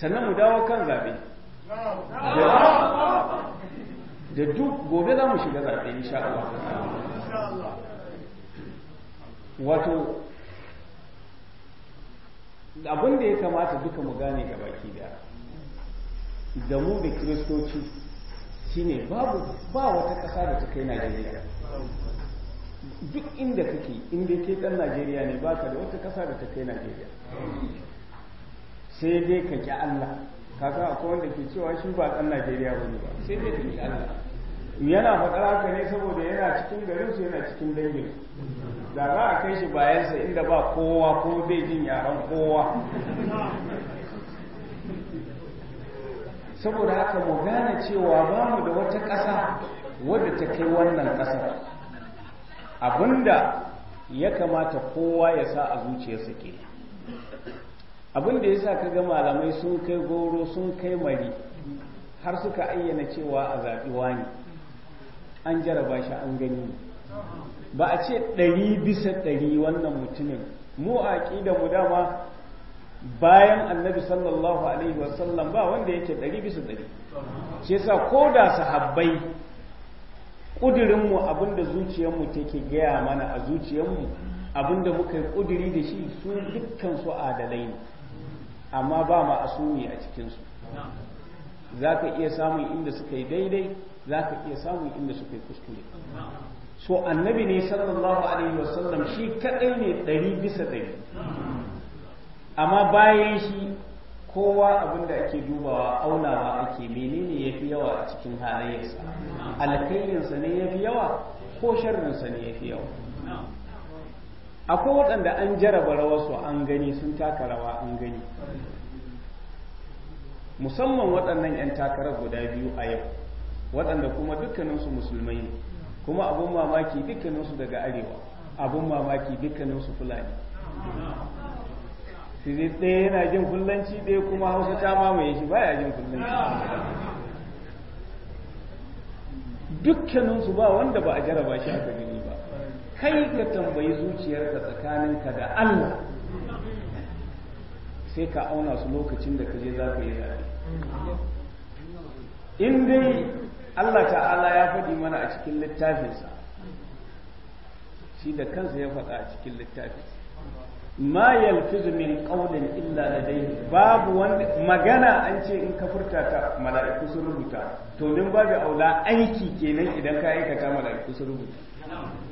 sannan mu dawo kan zaɓe da duk gobe za mu shiga zaɓe insha Allah wato abin da ya kamata duka mu gane ga baki da da mu da kiristoci shine babu ba wata ƙasa da ta kai najeriya duk inda kake inda ke ɗan najeriya ne ka da wata ƙasa da ta kai najeriya sai dai ka ki Allah kaka akwai wanda ke cewa shi ba ɗan Najeriya ba ne ba sai dai ka ki Allah yana fadar haka ne saboda yana cikin garin su yana cikin dangin da za a kai shi bayansa inda ba kowa ko bai jin yaran kowa saboda haka mu gane cewa ba mu da wata ƙasa wadda ta kai wannan ƙasar abinda ya kamata kowa ya sa a zuciyarsa ke abin da ya sa ka ga malamai sun kai goro sun kai mari har suka ayyana cewa a zaɓi wani an jaraba shi an gani ba a ce ɗari bisa ɗari wannan mutumin mu a ƙida mu dama bayan annabi sallallahu alaihi wasallam ba wanda yake ɗari bisa ɗari shi yasa ko da sahabbai ƙudurinmu abinda zuciyarmu take gaya mana a zuciyar zuciyarmu abinda muka yi ƙuduri da shi su dukkan su adalai ne amma ba ma asumi a cikinsu za ka iya samun inda suka yi daidai za ka iya samun inda suka yi kuskure so annabi ne sallallahu alaihi wasallam shi kadai ne ɗari bisa ɗari amma bayan shi kowa abin da ake dubawa aunawa ake menene ya fi yawa a cikin halayensa alkhairinsa ne ya fi yawa ko sharrinsa ne ya fi yawa akwai waɗanda an jaraba rawarsu an gani sun taka rawa an gani musamman waɗannan 'yan takarar guda biyu a yau waɗanda kuma dukkaninsu musulmai ne kuma abun mamaki dukkaninsu daga arewa abun mamaki dukkaninsu fulani sai ɗaya yana jin kullanci ɗaya kuma hausa ta mamaye shi baya jin kullanci dukkaninsu ba wanda ba a jaraba shi aka gani ba kai ka tambayi zuciyarka tsakaninka da Allah sai ka auna su lokacin da kaje za ka yi zaɓe in dai Allah ta'ala ya faɗi mana a cikin littafinsa shi da kansa ya faɗa a cikin littafinsa ma yalfizu min qawlin illa ladayhi babu wanda magana an ce in ka furta ta mala'iku sun rubuta to din babu aula aiki kenan idan ka aikata mala'iku sun rubuta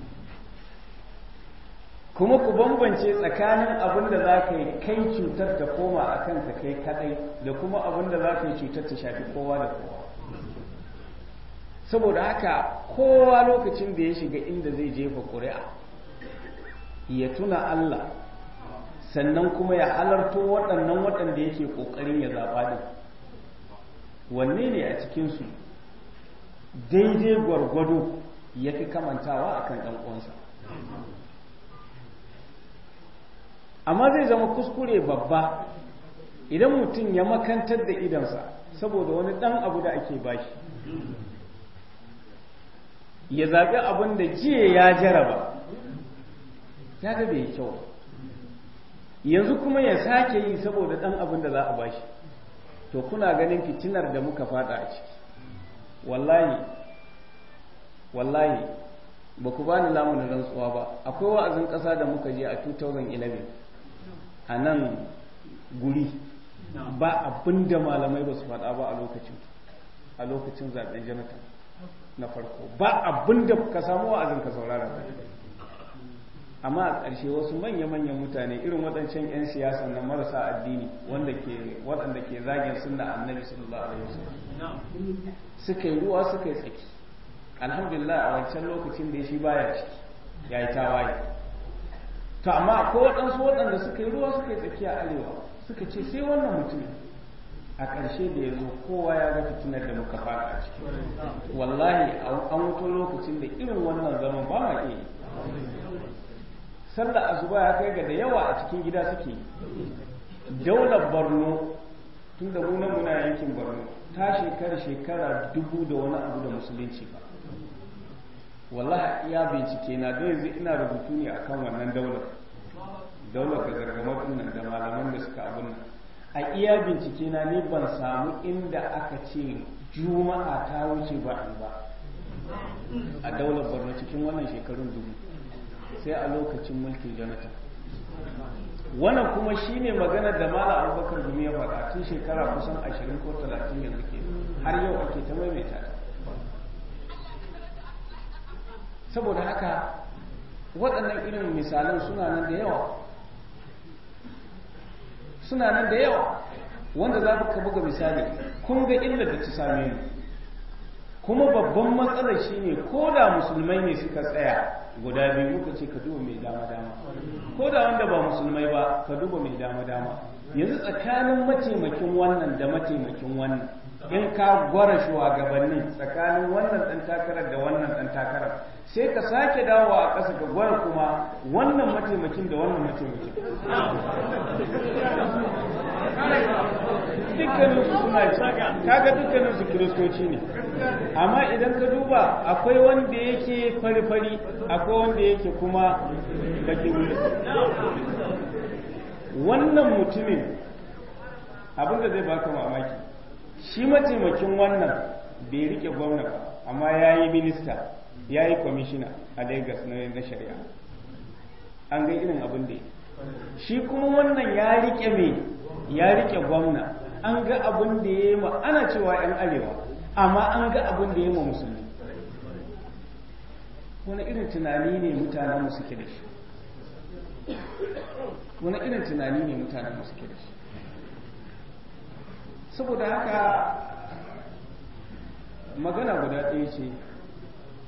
kuma ku bambance tsakanin abin da za ka yi kai cutar ta koma a kanka kai kadai da kuma abin da za ka yi cutar ta shafi kowa da kowa saboda haka kowa lokacin da ya shiga inda zai jefa ƙuri'a ya tuna Allah sannan kuma ya halarto waɗannan waɗanda yake ƙoƙarin ya zaɓa din wanne ne a cikinsu daidai gwargwado ya fi kamantawa a kan ɗan'uwansa amma zai zama kuskure babba idan mutum ya makantar da idansa saboda wani dan abu da ake bashi ya zaɓi abin da jiya ya jaraba ya ga bai kyau yanzu kuma ya sake yi saboda ɗan abin da za a bashi to kuna ganin fitinar da muka fada a ciki wallahi wallahi ba ku bani lamunin rantsuwa ba akwai wa'azin ƙasa da muka je a 2011 a nan guri ba abin da malamai ba su faɗa ba a lokacin a lokacin zaɓen na farko ba abin da ka samu wa ka saurara ba amma a ƙarshe wasu manya-manyan mutane irin waɗancan 'yan siyasa na marasa addini wanda ke waɗanda ke zagin sunna annabi sallallahu alaihi wasallam suka yi ruwa suka yi tsaki alhamdulillah a wancan lokacin da shi baya ciki ya yi tawaye to amma ko waɗansu waɗanda suka yi ruwa suka yi tsakiya arewa suka ce sai wannan mutumin a ƙarshe da ya zo kowa ya ga fitinar da muka fara a ciki wallahi an wuto lokacin da irin wannan zaman ba ma iya sallar azuba ya kai ga da yawa a cikin gida suke daular borno tun da muna yankin borno ta shekara shekara dubu da wani abu da musulunci ba Wallaha iya bincike na da yanzu ina rubutu ne akan wannan daular daular ga gargamar nan da malaman da suka abin nan a iya bincike na ne ban samu inda aka ce juma'a ta wuce ba ba a daular borno cikin wannan shekarun dubu sai a lokacin mulkin jonathan wannan kuma shine magana da mala abubakar gumi ya faɗa tun shekara kusan ashirin ko talatin yanzu ke har yau ake ta maimaita ta saboda haka waɗannan irin misalan suna nan da yawa suna nan da yawa wanda za ka buga misali kun ga illar da ta same ni kuma babban matsalar shine ko da musulmai ne suka tsaya guda biyu muka ce ka duba mai dama dama ko da wanda ba musulmai ba ka duba mai dama dama yanzu tsakanin mataimakin wannan da mataimakin wannan in ka gwara shugabannin tsakanin wannan ɗan takarar da wannan ɗan takarar sai ka sake dawowa a ƙasa ka gwara kuma wannan mataimakin da wannan mataimakin dukkanin su suna kaga dukkanin su kiristoci ne amma idan ka duba akwai wanda yake fari-fari akwai wanda yake kuma baki wuri wannan mutumin abin da zai baka mamaki shi mataimakin wannan bai rike gwamna ba amma ya yi minista ya yi kwamishina a lagos na shari'a an ga irin abin da shi kuma wannan ya rike mai ya rike gwamna an ga abin da ya yi ma ana cewa 'yan arewa amma an ga abin da ya yi ma musulmi wani irin tunani ne mutanen musu suke da shi wani irin tunani ne mutanen suke da shi saboda haka magana guda ɗaya ce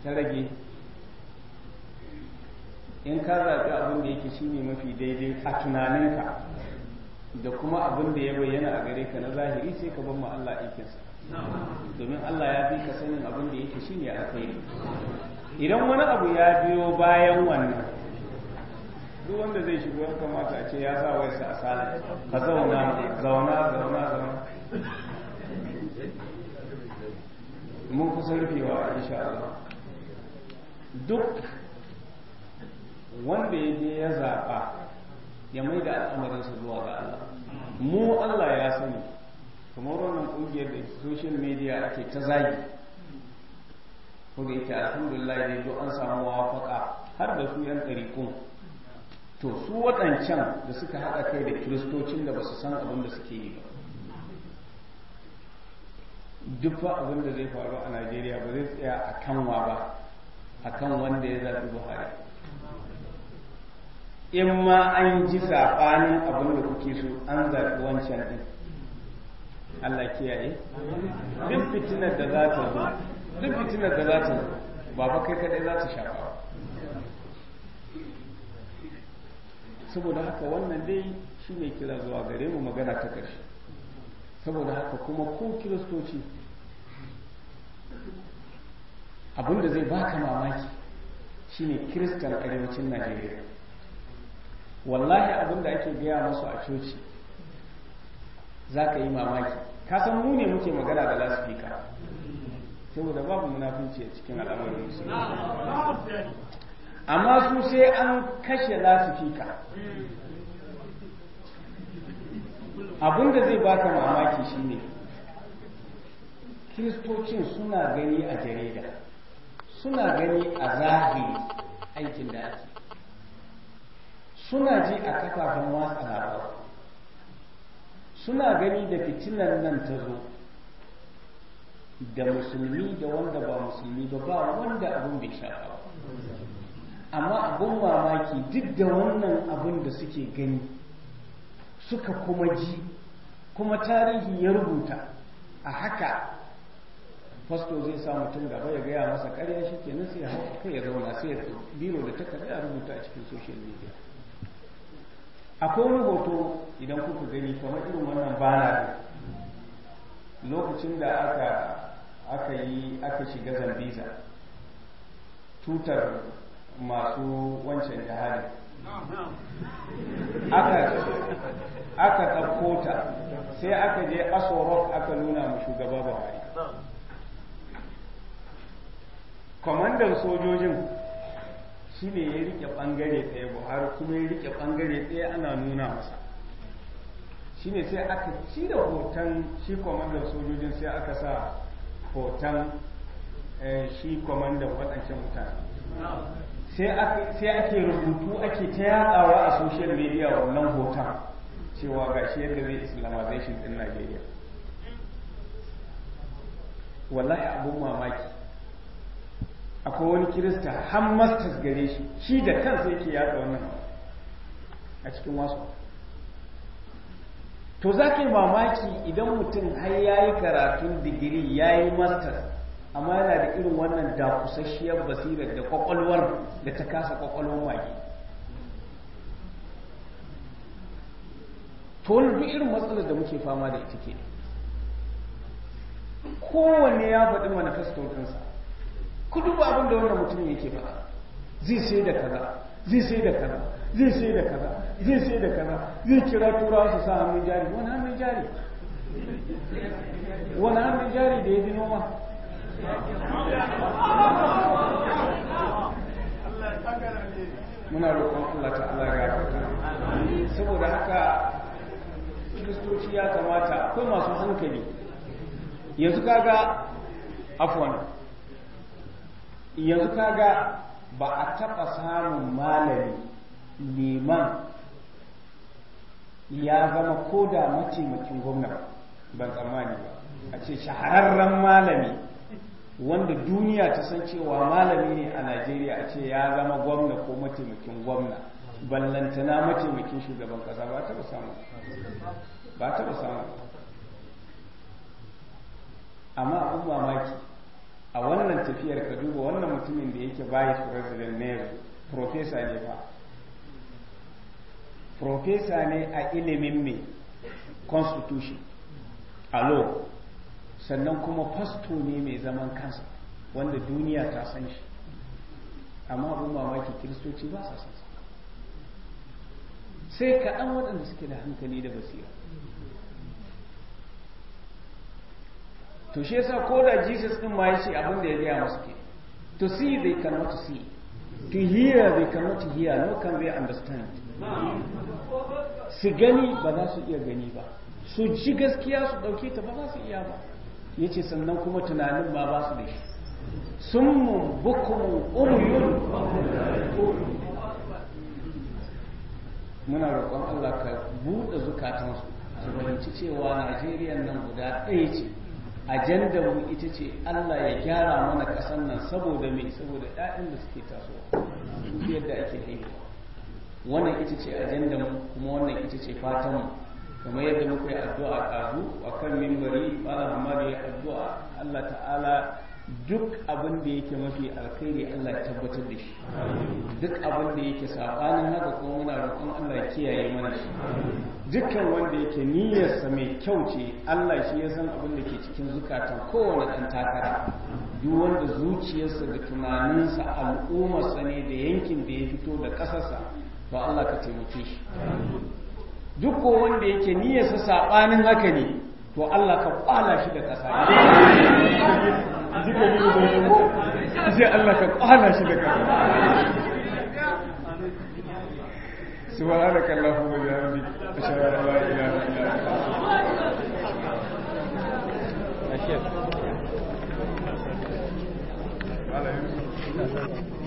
ta rage in ka zaɓi abin da yake shine mafi daidai a tunaninka da kuma abin da ya bayyana a gare ka na zahiri sai ka ban Allah aikinsa domin Allah ya fi ka sanin abin da yake shine kai idan wani abu ya biyo bayan wannan duk wanda zai shigo kamata a ce ya sa wai sa asala ka zauna zauna zauna zauna mun kusa rufewa insha Allah duk wanda ya je ya zaɓa ya mai da al'amarinsa zuwa ga Allah mu Allah ya sani kamar wannan ƙungiyar da social media ake ta zagi ko da yake alhamdulillah dai an samu wafaka har da su yan ɗariƙun to su waɗancan da suka haɗa kai da kiristocin da ba su san abin da suke yi ba duk ba abin da zai faru a najeriya ba zai tsaya a kanwa ba a kan wanda ya zaɓi buhari in ma an ji saɓanin abin da kuke so an zaɓi wancan ɗin allah kiyaye duk fitinar da za ta zo duk fitinar da za ta zo ba kai kaɗai za ta shafa ba saboda haka wannan dai shi ne kira zuwa gare mu magana ta ƙarshe saboda haka kuma ko kiristoci abinda zai baka mamaki shine kiristan arewacin najeriya wallahi abinda ake gaya masu a coci za ka yi mamaki ka san mu ne muke magana da lasifika. saboda babu munafunci a cikin al'amarin musulmi amma su sai an kashe lasifika. abin da zai baka mamaki shine kiristocin suna gani a jarida suna gani a zahiri aikin da ake suna ji a kafafen watsa labarai suna gani da fitinan nan ta zo da musulmi da wanda ba musulmi ba ba wanda abin bai shafa amma abin mamaki duk da wannan abin da suke gani suka kuma ji kuma tarihi ya rubuta a haka fasto zai sa mutum gaba ya gaya masa karya shi ke sai ya hau kai ya zauna sai ya biro da takarda ya rubuta a cikin social media akwai rubuto idan kuka gani kamar irin wannan bana lokacin da aka yi aka shiga zambiza tutar masu wancan jihadin aka aka ɗauko ta sai aka je aso aka nuna mu shugaba buhari kwamandan sojojin shi ne ya rike ɓangare ɗaya buhari kuma ya rike ɓangare ɗaya ana nuna masa shi ne sai aka ci da hoton shi kwamandan sojojin sai aka sa hoton eh, shi kwamandan waɗancan mutane sai ake rubutu ake ta yaɗawa a social media wannan hoton cewa ga shi yadda zai islamization din Najeriya wallahi abun mamaki akwai wani kirista har masters gare shi shi da kansa yake yaɗa wannan a cikin wasu to za ka yi mamaki idan mutum har ya yi karatun digiri yayi yi amma yana da irin wannan dakusasshiyar basirar da kwakwalwar da ta kasa kwakwalwar maki to wannan duk irin matsalar da muke fama da ita ke kowanne ya faɗi manifesto kansa ku duba abin da wannan mutum yake faɗa zai sai da kaza zai sai da kaza zai sai da kaza zai sai da kaza zai kira turawa su sa hannun jari wani hannun jari wani hannun jari da ya bi noma muna roƙon Allah ta Allah ya gafarta saboda haka kiristoci ya kamata akwai masu hankali yanzu kaga afwan yanzu kaga ba a taɓa samun malami neman ya zama ko da mataimakin gwamna ban tsammani ba a ce shahararren malami wanda duniya ta san cewa malami ne a najeriya a ce ya zama gwamna ko mataimakin gwamna ballantana mataimakin shugaban kasa ba ta samu ba ta da sama amma abin mamaki a wannan tafiyar ka duba wannan mutumin da yake vice president na yanzu profesa ne ba profesa ne a ilimin mai constitution a law sannan kuma fasto ne mai zaman kansa wanda duniya ta san shi amma abin mamaki kiristoci ba sa san sa sai kaɗan waɗanda suke da hankali da basira to shi yasa ko da jesus ɗin ma ya ce abin da ya gaya masu ke to see they cannot see to hear they cannot hear no can they understand su gani ba za su iya gani ba su ji gaskiya su ɗauke ta ba za su iya ba ya ce sannan kuma tunanin ma ba su da shi sun mun bukumun umuyun muna roƙon Allah ka buɗe zukatansu su fahimci cewa Najeriya nan guda ɗaya ce ajandar mu ita ce Allah ya gyara mana ƙasar nan saboda me saboda ɗaɗin da suke tasowa su yadda ake haihuwa wannan ita ce ajandar mu kuma wannan ita ce fatan mu kamar yadda muka yi addu'a a ƙazu a kan mimbari ba Muhammadu ya addu'a Allah ta'ala duk abin da yake mafi alkhairi Allah ya tabbatar da shi duk abin da yake sabanin haka kuma muna roƙon Allah ya kiyaye mana shi dukkan wanda yake niyyarsa mai kyau ce Allah shi ya san abin da ke cikin zukatan kowane ɗan takara duk wanda zuciyarsa da tunaninsa al'ummarsa ne da yankin da ya fito da ƙasarsa to Allah ka taimake shi duk ko wanda yake niyyarsa sabanin haka ne to Allah ka kwala shi da ƙasa jika da bai ko sai Allah ka kwana shi da ka subhanaka allahumma wa bihamdika la